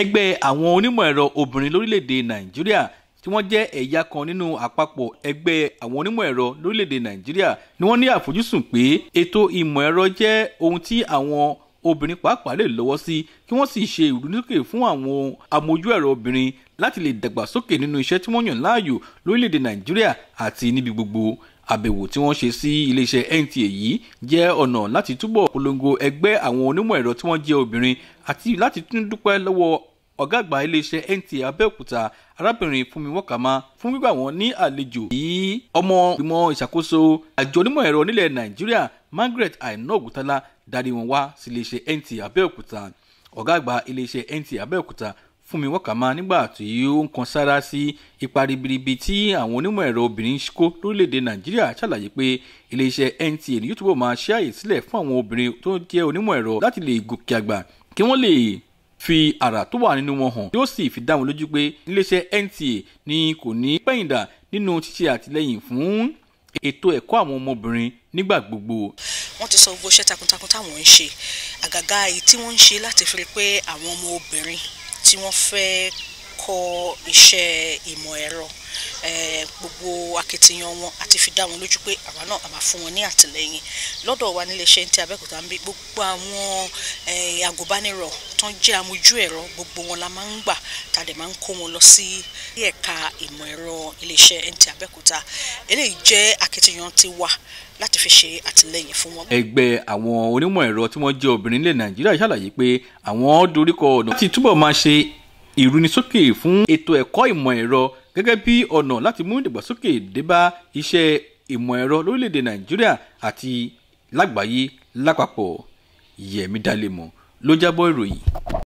ẹgbẹ́ àwọn onímọ̀ ẹ̀rọ obìnrin lórílẹ̀‐èdè nàìjíríà tí wọ́n jẹ́ ẹ̀yà kan nínú àpapọ̀ ẹgbẹ́ àwọn onímọ̀ ẹ̀rọ lórílẹ̀‐èdè nàìjíríà ni wọ́n ní àfojúsùn pé ètò ìmọ̀ ẹ̀rọ jẹ́ ohun tí àwọn obìnrin pàápàá lè lọ́wọ́ sí kí wọ́n sì ṣe ìrúnisókè fún àwọn amójú ẹ̀rọ obìnrin láti lè dàgbàsókè nínú iṣẹ́ tí wọ́n yàn láàyò lórílẹ̀‐èdè nàìjíríà àti níbi gbogbo àbẹ̀wò tí wọ́n ṣe sí iléeṣẹ́ NTA yìí jẹ́ ọ̀nà láti túbọ̀ polongo ẹgbẹ́ àwọn onímọ̀ ẹ̀rọ tí wọ́n jẹ́ obìnrin àti láti tún dúpẹ́ lọ́wọ́ ọ̀gá àgbà iléeṣẹ́ NTA Abẹ́òkúta arábìnrin Fúnmi Wọ́kàmá fún gbígbà wọ́n ní àlejò yìí ọmọ ìgbìmọ̀ ìṣàkóso àjọ onímọ̀ ẹ̀rọ nílẹ̀ Nàìjíríà Margaret Aina Ògúntálá darí wọn wá sí iléeṣẹ́ NTA Abẹ́òkúta ọ̀gá àgbà iléeṣẹ́ NTA Abẹ́òkúta Fúnmi Wakama nígbà tí ó ń kan sára sí ipa ribiribi tí àwọn onímọ̀ ẹ̀rọ obìnrin kó lórílẹ̀‐èdè Nàìjíríà ṣàlàyé pé iléeṣẹ́ NTA ní yóò túbọ̀ máa ṣe àyè sílẹ̀ fún àwọn obìnrin tó jẹ́ onímọ̀ ẹ̀rọ láti lè gòkè àgbà kí wọ́n lè fi àrà tó wà nínú wọn hàn yóò sì fi dá wọn lójú pé iléeṣẹ́ NTA ni kò ní pẹ̀yìndà nínú ṣíṣe àtìlẹ́yìn fún ètò ẹ̀kọ́ àwọn ọmọbìnrin nígbà gbogbo. wọ́n ti sọ gbogbo iṣẹ́ takuntakun táwọn ń ṣe àgàgà èyí tí wọ́n ń ṣe láti fi rí pé àwọn ọmọ obìnrin si on fait kọ́ iṣẹ́ ìmọ̀ ẹ̀rọ gbogbo akitiyan wọn àti fi dá wọn lójú pé àwa náà a máa fún wọn ní àtìlẹyìn lọ́dọ̀ wa nílé iṣẹ́ ní ti Abẹ́òkúta ń bí gbogbo àwọn agùnbánirọ̀ tó ń jẹ́ amójú ẹ̀rọ gbogbo wọn la máa ń gbà tá a máa ń kó wọn lọ sí ẹ̀ka ìmọ̀ ẹ̀rọ iléeṣẹ́ NTA Abẹ́òkúta eléyìí jẹ́ akitiyan ti wa láti fi ṣe àtìlẹyìn fún wọn. ẹgbẹ́ àwọn onímọ̀ ẹ̀rọ tí wọ́n jẹ́ obìnrin ilẹ̀ Nàìjíríà ṣàlàyé pé àwọn doríkọ ọ̀nà tí túbọ̀ máa ṣe ìrúnisókè fún ètò ẹ̀kọ́ ìmọ̀ ẹ̀rọ gẹ́gẹ́ bí ọ̀nà láti mú ìdàgbàsókè débá iṣẹ́ ìmọ̀ ẹ̀rọ lórílẹ̀‐èdè nàìjíríà àti lágbàáyé lápapọ̀ yẹ̀mí dalẹ̀mọ́ ló jábọ̀ ìròyìn.